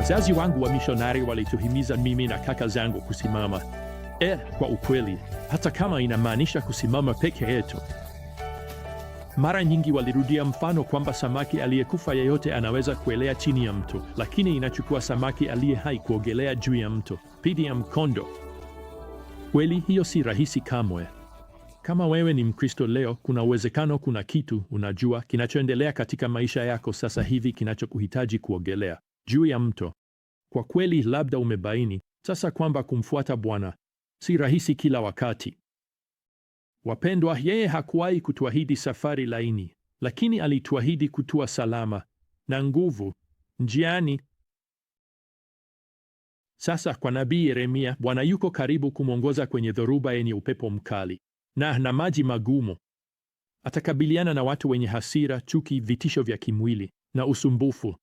Wazazi wangu wa mishonari walituhimiza mimi na kaka zangu kusimama. E, kwa ukweli, hata kama inamaanisha kusimama peke yetu. Mara nyingi walirudia mfano kwamba samaki aliyekufa yeyote anaweza kuelea chini ya mto, lakini inachukua samaki aliye hai kuogelea juu ya mto pidi ya mkondo. Kweli hiyo si rahisi kamwe. Kama wewe ni Mkristo leo, kuna uwezekano kuna kitu unajua kinachoendelea katika maisha yako sasa hivi kinachokuhitaji kuogelea juu ya mto. Kwa kweli, labda umebaini sasa kwamba kumfuata Bwana si rahisi kila wakati. Wapendwa, yeye hakuwahi kutuahidi safari laini, lakini alituahidi kutua salama na nguvu njiani. Sasa kwa nabii Yeremia, Bwana yuko karibu kumwongoza kwenye dhoruba yenye upepo mkali na na maji magumu. Atakabiliana na watu wenye hasira, chuki, vitisho vya kimwili na usumbufu.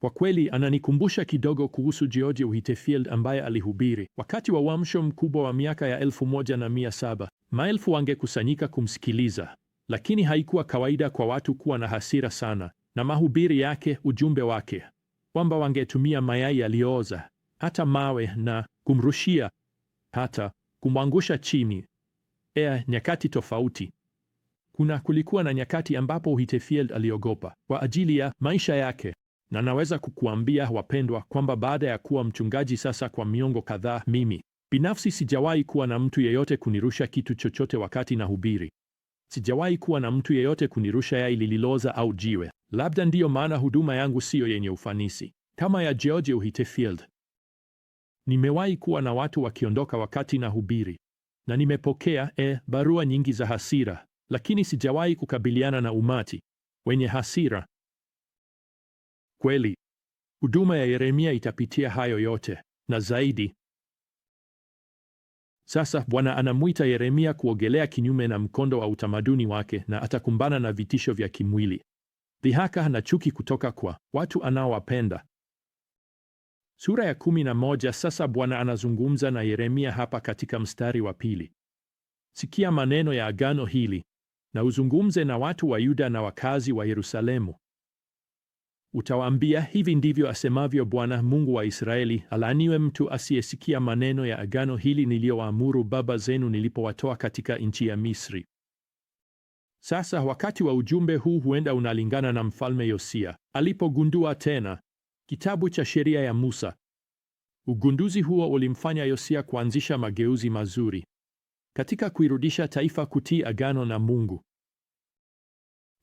Kwa kweli ananikumbusha kidogo kuhusu George Whitefield ambaye alihubiri wakati wa uamsho mkubwa wa miaka ya elfu moja na mia saba. Maelfu wangekusanyika kumsikiliza, lakini haikuwa kawaida kwa watu kuwa na hasira sana na mahubiri yake, ujumbe wake kwamba wangetumia mayai yaliyooza, hata mawe na kumrushia, hata kumwangusha chini. Ea, nyakati tofauti kuna kulikuwa na nyakati ambapo Whitefield aliogopa kwa ajili ya maisha yake. Na naweza kukuambia wapendwa, kwamba baada ya kuwa mchungaji sasa kwa miongo kadhaa, mimi binafsi sijawahi kuwa na mtu yeyote kunirusha kitu chochote wakati nahubiri. Sijawahi kuwa na mtu yeyote kunirusha yai lililoza au jiwe. Labda ndiyo maana huduma yangu siyo yenye ufanisi kama ya George Whitefield. Nimewahi kuwa na watu wakiondoka wakati nahubiri, na nimepokea e, barua nyingi za hasira, lakini sijawahi kukabiliana na umati wenye hasira. Kweli, huduma ya Yeremia itapitia hayo yote na zaidi. Sasa Bwana anamwita Yeremia kuogelea kinyume na mkondo wa utamaduni wake na atakumbana na vitisho vya kimwili, dhihaka na chuki kutoka kwa watu anaowapenda. Sura ya kumi na moja. Sasa Bwana anazungumza na Yeremia hapa katika mstari wa pili. Sikia maneno ya agano hili na uzungumze na watu wa Yuda na wakazi wa Yerusalemu Utawaambia, hivi ndivyo asemavyo Bwana Mungu wa Israeli, alaaniwe mtu asiyesikia maneno ya agano hili niliyowaamuru baba zenu nilipowatoa katika nchi ya Misri. Sasa wakati wa ujumbe huu huenda unalingana na mfalme Yosia alipogundua tena kitabu cha sheria ya Musa. Ugunduzi huo ulimfanya Yosia kuanzisha mageuzi mazuri katika kuirudisha taifa kutii agano na Mungu.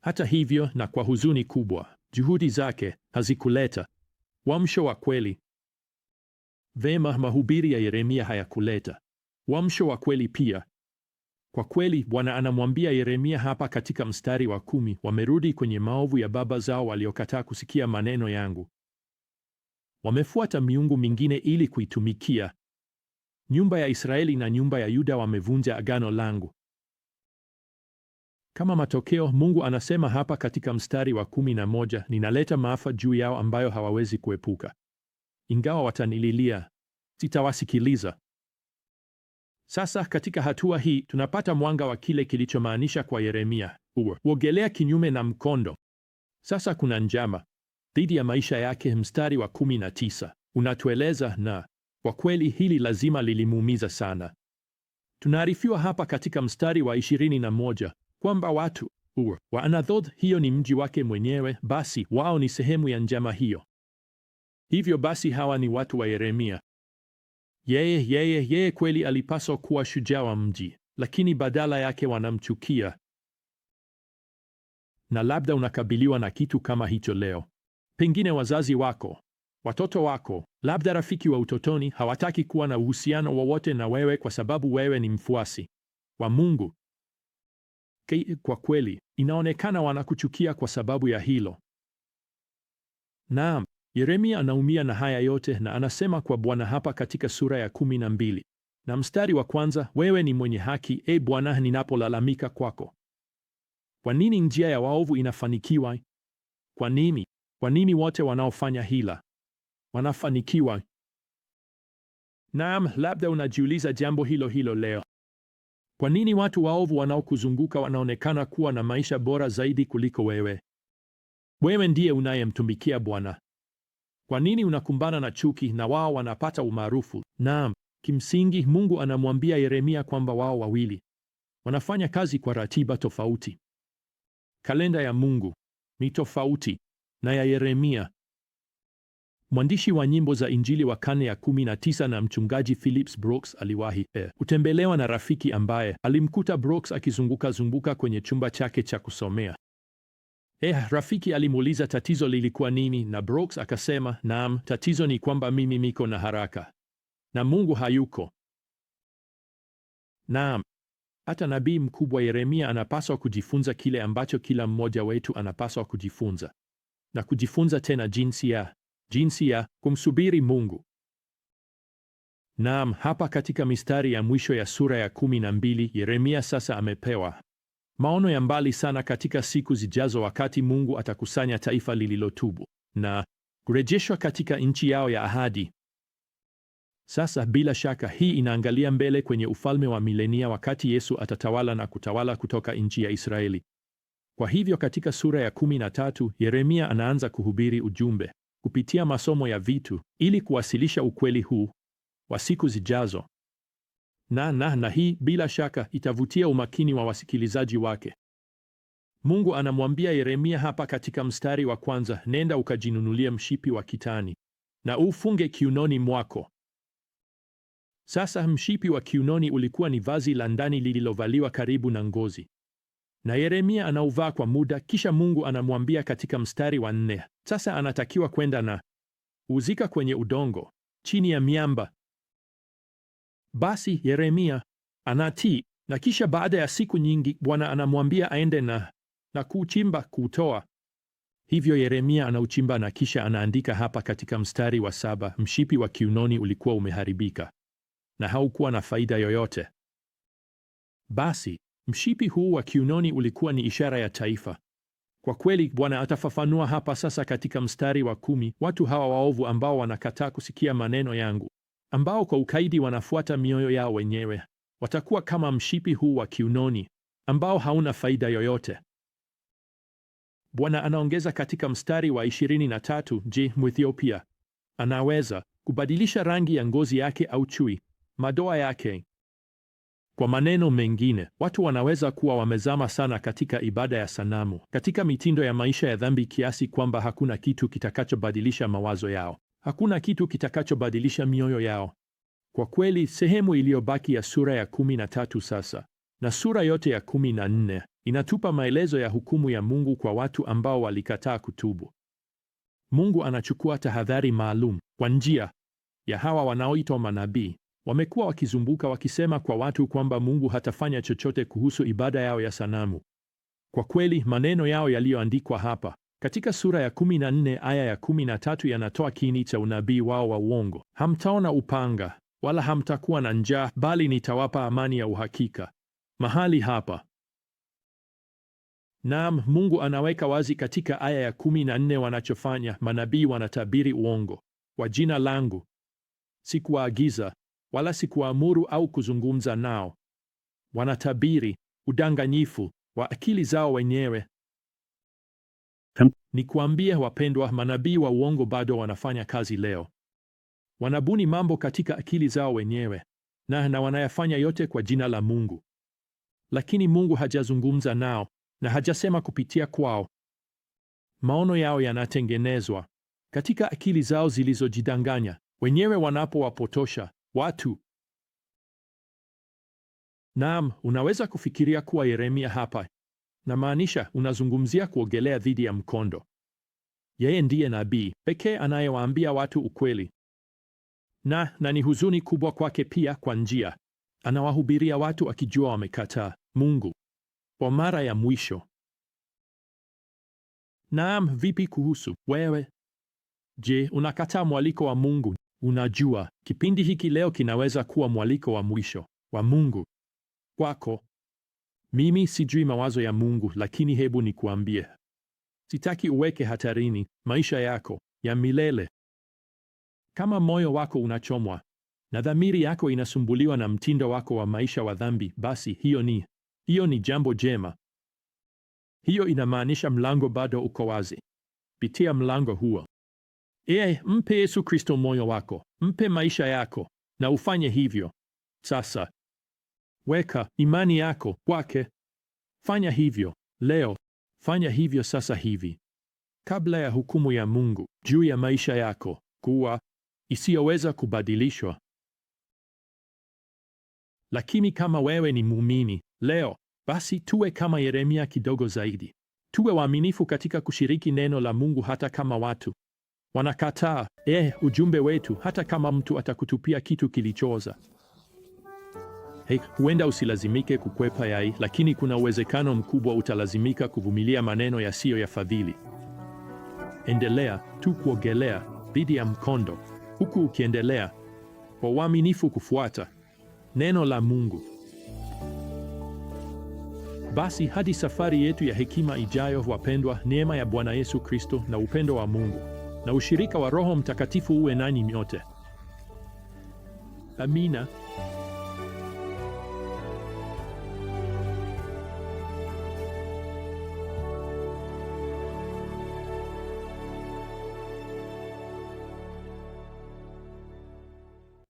Hata hivyo, na kwa huzuni kubwa, Juhudi zake hazikuleta wamsho wa kweli. Vema, mahubiri ya Yeremia hayakuleta wamsho wa kweli pia. Kwa kweli, Bwana anamwambia Yeremia hapa katika mstari wa kumi, wamerudi kwenye maovu ya baba zao waliokataa kusikia maneno yangu. Wamefuata miungu mingine ili kuitumikia. Nyumba ya Israeli na nyumba ya Yuda wamevunja agano langu. Kama matokeo, Mungu anasema hapa katika mstari wa kumi na moja, ninaleta maafa juu yao ambayo hawawezi kuepuka, ingawa watanililia sitawasikiliza. Sasa katika hatua hii tunapata mwanga wa kile kilichomaanisha kwa Yeremia uogelea kinyume na mkondo. Sasa kuna njama dhidi ya maisha yake. Mstari wa 19 unatueleza, na kwa kweli hili lazima lilimuumiza sana. Tunaarifiwa hapa katika mstari wa 21 kwamba watu huo wa Anathoth, hiyo ni mji wake mwenyewe, basi wao ni sehemu ya njama hiyo. Hivyo basi hawa ni watu wa Yeremia. Yeye yeye yeye kweli alipaswa kuwa shujaa wa mji, lakini badala yake wanamchukia. Na labda unakabiliwa na kitu kama hicho leo. Pengine wazazi wako, watoto wako, labda rafiki wa utotoni hawataki kuwa na uhusiano wowote na wewe kwa sababu wewe ni mfuasi wa Mungu. Kwa kweli, inaonekana wanakuchukia kwa sababu ya hilo. Naam, Yeremia anaumia na haya yote na anasema kwa Bwana hapa katika sura ya kumi na mbili na mstari wa kwanza, wewe ni mwenye haki, e Bwana, ninapolalamika kwako. Kwa nini njia ya waovu inafanikiwa? Kwa nini? Kwa nini wote wanaofanya hila wanafanikiwa? Naam, labda unajiuliza jambo hilo hilo leo. Kwa nini watu waovu wanaokuzunguka wanaonekana kuwa na maisha bora zaidi kuliko wewe? Wewe ndiye unayemtumikia Bwana. Kwa nini unakumbana na chuki na wao wanapata umaarufu? Naam, kimsingi Mungu anamwambia Yeremia kwamba wao wawili wanafanya kazi kwa ratiba tofauti. Kalenda ya Mungu ni tofauti na ya Yeremia mwandishi wa nyimbo za Injili wa karne ya 19 na mchungaji Phillips Brooks aliwahi eh, kutembelewa na rafiki ambaye alimkuta Brooks akizunguka zunguka kwenye chumba chake cha kusomea. Eh, rafiki alimuuliza tatizo lilikuwa nini, na Brooks akasema, naam, tatizo ni kwamba mimi miko na haraka na Mungu hayuko. Naam, hata nabii mkubwa Yeremia anapaswa kujifunza kile ambacho kila mmoja wetu anapaswa kujifunza na kujifunza tena jinsi ya jinsi ya kumsubiri Mungu. Naam, hapa katika mistari ya mwisho ya sura ya kumi na mbili, Yeremia sasa amepewa maono ya mbali sana katika siku zijazo, wakati Mungu atakusanya taifa lililotubu na kurejeshwa katika nchi yao ya ahadi. Sasa bila shaka hii inaangalia mbele kwenye ufalme wa milenia, wakati Yesu atatawala na kutawala kutoka nchi ya Israeli. Kwa hivyo katika sura ya tatu Yeremia anaanza kuhubiri ujumbe kupitia masomo ya vitu ili kuwasilisha ukweli huu wa siku zijazo. Na na na hii bila shaka itavutia umakini wa wasikilizaji wake. Mungu anamwambia Yeremia hapa katika mstari wa kwanza, nenda ukajinunulie mshipi wa kitani na ufunge kiunoni mwako. Sasa mshipi wa kiunoni ulikuwa ni vazi la ndani lililovaliwa karibu na ngozi na Yeremia anauvaa kwa muda, kisha Mungu anamwambia katika mstari wa nne, sasa anatakiwa kwenda na uzika kwenye udongo chini ya miamba. Basi Yeremia anatii, na kisha baada ya siku nyingi Bwana anamwambia aende na na kuuchimba kuutoa. Hivyo Yeremia anauchimba na kisha anaandika hapa katika mstari wa saba, mshipi wa kiunoni ulikuwa umeharibika na haukuwa na faida yoyote. Basi Mshipi huu wa kiunoni ulikuwa ni ishara ya taifa. Kwa kweli, Bwana atafafanua hapa sasa katika mstari wa kumi, watu hawa waovu ambao wanakataa kusikia maneno yangu, ambao kwa ukaidi wanafuata mioyo yao wenyewe, watakuwa kama mshipi huu wa kiunoni ambao hauna faida yoyote. Bwana anaongeza katika mstari wa 23, je, Mwethiopia anaweza kubadilisha rangi ya ngozi yake au chui madoa yake? Kwa maneno mengine, watu wanaweza kuwa wamezama sana katika ibada ya sanamu, katika mitindo ya maisha ya dhambi kiasi kwamba hakuna kitu kitakachobadilisha mawazo yao, hakuna kitu kitakachobadilisha mioyo yao. Kwa kweli, sehemu iliyobaki ya sura ya kumi na tatu sasa na sura yote ya kumi na nne inatupa maelezo ya hukumu ya Mungu kwa watu ambao walikataa kutubu. Mungu anachukua tahadhari maalum kwa njia ya hawa wanaoitwa manabii. Wamekuwa wakizumbuka wakisema kwa watu kwamba Mungu hatafanya chochote kuhusu ibada yao ya sanamu. Kwa kweli, maneno yao yaliyoandikwa hapa katika sura ya 14 aya ya 13 yanatoa kiini cha unabii wao wa uongo: hamtaona upanga wala hamtakuwa na njaa, bali nitawapa amani ya uhakika. Mahali hapa Naam, Mungu anaweka wazi katika aya ya 14 wanachofanya. Manabii wanatabiri uongo kwa jina langu, sikuwaagiza wala si kuamuru au kuzungumza nao. Wanatabiri udanganyifu wa akili zao wenyewe. Ni kuambia wapendwa, manabii wa uongo bado wanafanya kazi leo. Wanabuni mambo katika akili zao wenyewe na na wanayafanya yote kwa jina la Mungu, lakini Mungu hajazungumza nao na hajasema kupitia kwao. Maono yao yanatengenezwa katika akili zao zilizojidanganya wenyewe wanapowapotosha watu. Naam, unaweza kufikiria kuwa Yeremia hapa namaanisha unazungumzia kuogelea dhidi ya mkondo. Yeye ndiye nabii pekee anayewaambia watu ukweli, na na ni huzuni kubwa kwake pia. Kwa njia, anawahubiria watu akijua wamekataa Mungu kwa mara ya mwisho. Naam, vipi kuhusu wewe? Je, unakataa mwaliko wa Mungu? Unajua, kipindi hiki leo kinaweza kuwa mwaliko wa mwisho wa Mungu kwako. Mimi sijui mawazo ya Mungu, lakini hebu nikuambie, sitaki uweke hatarini maisha yako ya milele. Kama moyo wako unachomwa na dhamiri yako inasumbuliwa na mtindo wako wa maisha wa dhambi, basi hiyo ni hiyo ni jambo jema. Hiyo inamaanisha mlango bado uko wazi. Pitia mlango huo. Ee, mpe Yesu Kristo moyo wako, mpe maisha yako, na ufanye hivyo sasa. Weka imani yako kwake. Fanya hivyo leo, fanya hivyo sasa hivi, kabla ya hukumu ya Mungu juu ya maisha yako kuwa isiyoweza kubadilishwa. Lakini kama wewe ni muumini leo, basi tuwe kama Yeremia kidogo zaidi. Tuwe waaminifu katika kushiriki neno la Mungu hata kama watu Wanakataa eh, ujumbe wetu, hata kama mtu atakutupia kitu kilichooza. Hey, huenda usilazimike kukwepa yai, lakini kuna uwezekano mkubwa utalazimika kuvumilia maneno yasiyo ya fadhili. Endelea tu kuogelea dhidi ya mkondo, huku ukiendelea kwa uaminifu kufuata neno la Mungu. Basi hadi safari yetu ya hekima ijayo, wapendwa, neema ya Bwana Yesu Kristo na upendo wa Mungu na ushirika wa Roho Mtakatifu uwe nanyi nyote. Amina.